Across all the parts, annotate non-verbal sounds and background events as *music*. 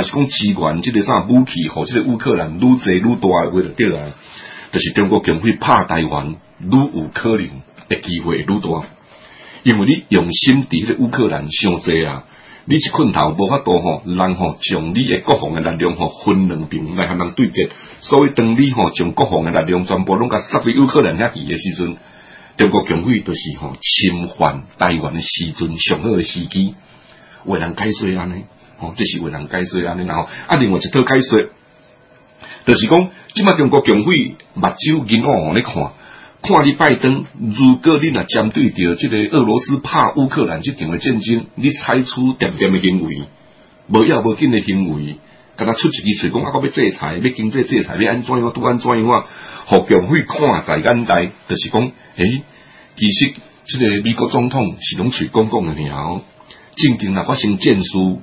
還是講支援，即、這個啥武器和即個烏克蘭愈濟愈大的，話，著對啊，著是中國共匪拍台灣愈有可能，誒機會愈大。因為你用心佇迄個烏克蘭傷濟啊，你一困頭無法度吼，人吼從你誒國防嘅力量吼分兩邊來互人對決。所以當你吼從國防嘅力量全部攏甲塞去烏克蘭遐邊嘅時陣，中國共匪著是吼侵犯台灣嘅時陣上好嘅時機，為難解釋安尼。哦，即是為人解説安尼，然後啊，另外一套解説，著是講即咪中國共匪目睭見我，我嚟看。看你拜登，如，你如果你若針對着即個俄羅斯拍烏克蘭即場誒戰爭，你採取點點誒行為，無要無緊誒行為，咁啊出一支喙講啊要要個要制裁，要經濟制裁，咩安怎嘅拄安怎嘅話，互共匪看在眼大，著、就是講誒、欸，其實即個美國總統是攏喙講講誒，然後正經啊發生戰事。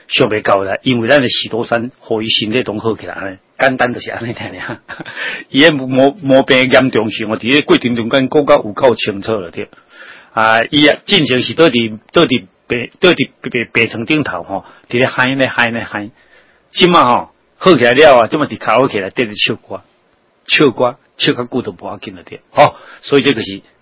學袂夠啦，因為咱誒許多生可以身體攏好起來啦，簡單就是安尼聽啦。也冇冇病嚴重時，我哋規定中間過較有夠清楚了，對。啊，伊啊正常是倒佇倒佇白倒佇白白床頂頭吼，喺呢喺呢喺。今嘛吼好起來了啊，今嘛啲康復起來，對，唱歌唱歌唱歌歌都冇要緊了，對。好，所以這個、就是。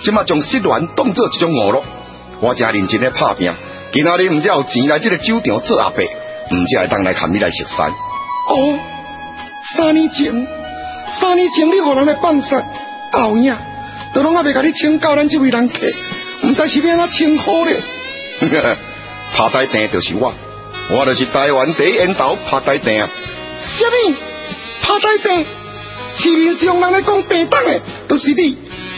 即嘛將失戀當作一種娛樂，我正認真咧拍拼。今仔日唔只有錢來，即個酒店做阿伯，唔只會當來談你來食飯。哦，三年前，三年前你何人來放殺？後影都攏阿未甲你請教咱即位人客，唔知是欲按怎稱呼咧。拍 *laughs* 台蛋就是我，我就是台灣第一煙頭拍台蛋。蝦米，拍台蛋？市面上人來講地燈的，都、就是你。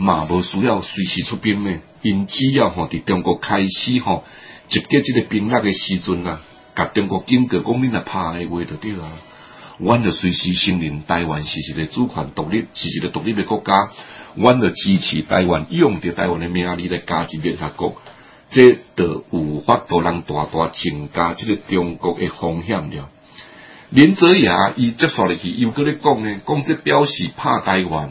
嘛無需要隨時出兵咩？因只要吼佇中國開始吼集結即個兵力嘅時陣啊，甲中國間隔，講恁若拍誒話着對啊。阮着隨時承認台灣，是一個主權獨立，是一個獨立嘅國家。阮着支持台灣，用着台灣嘅名義來加入聯合國，這着有法度讓大大增加即個中國嘅風險了。林則牙伊接受落去又擱咧講咧，講即表示拍台灣。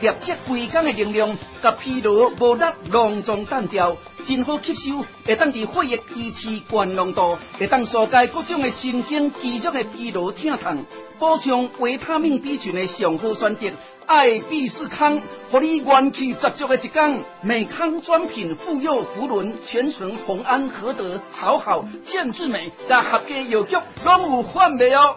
熱切歸工的能量，甲疲勞無力、隆重單調，真好吸收，會當佇血液維持高濃度，會當紓解各種嘅神經肌肉嘅疲勞疼痛，補充維他命 B 群嘅上好選擇。愛必士康，予你元氣十足嘅一天。美康專品婦幼芙倫、全程紅安、合德、好好健之美，加合家藥局攏有寄賣哦。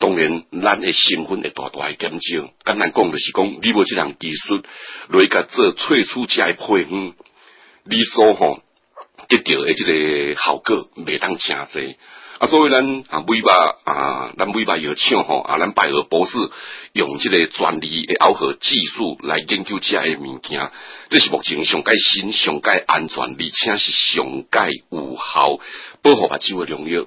當然，咱嘅身份會大大嘅減少。簡單講，就是講，你無即項技術來甲做最初只個配方，你所吼得到誒即個效果未通真儕。啊，所以咱啊，尾巴啊，咱尾巴要搶吼啊，咱拜爾博士用即個專利嘅熬合技術來研究只個物件，這是目前上蓋新、上蓋安全，而且是上蓋有效，保護目睭嘅用藥。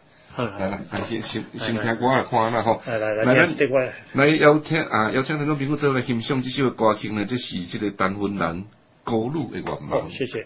來來，先先聽歌來看下吼。來、嗯、來來，來，各位、嗯喔，你來要啊？有聽嗰種編曲之後欣賞。這首歌曲呢，即是這個陳芬蘭孤女的願望、喔、謝謝。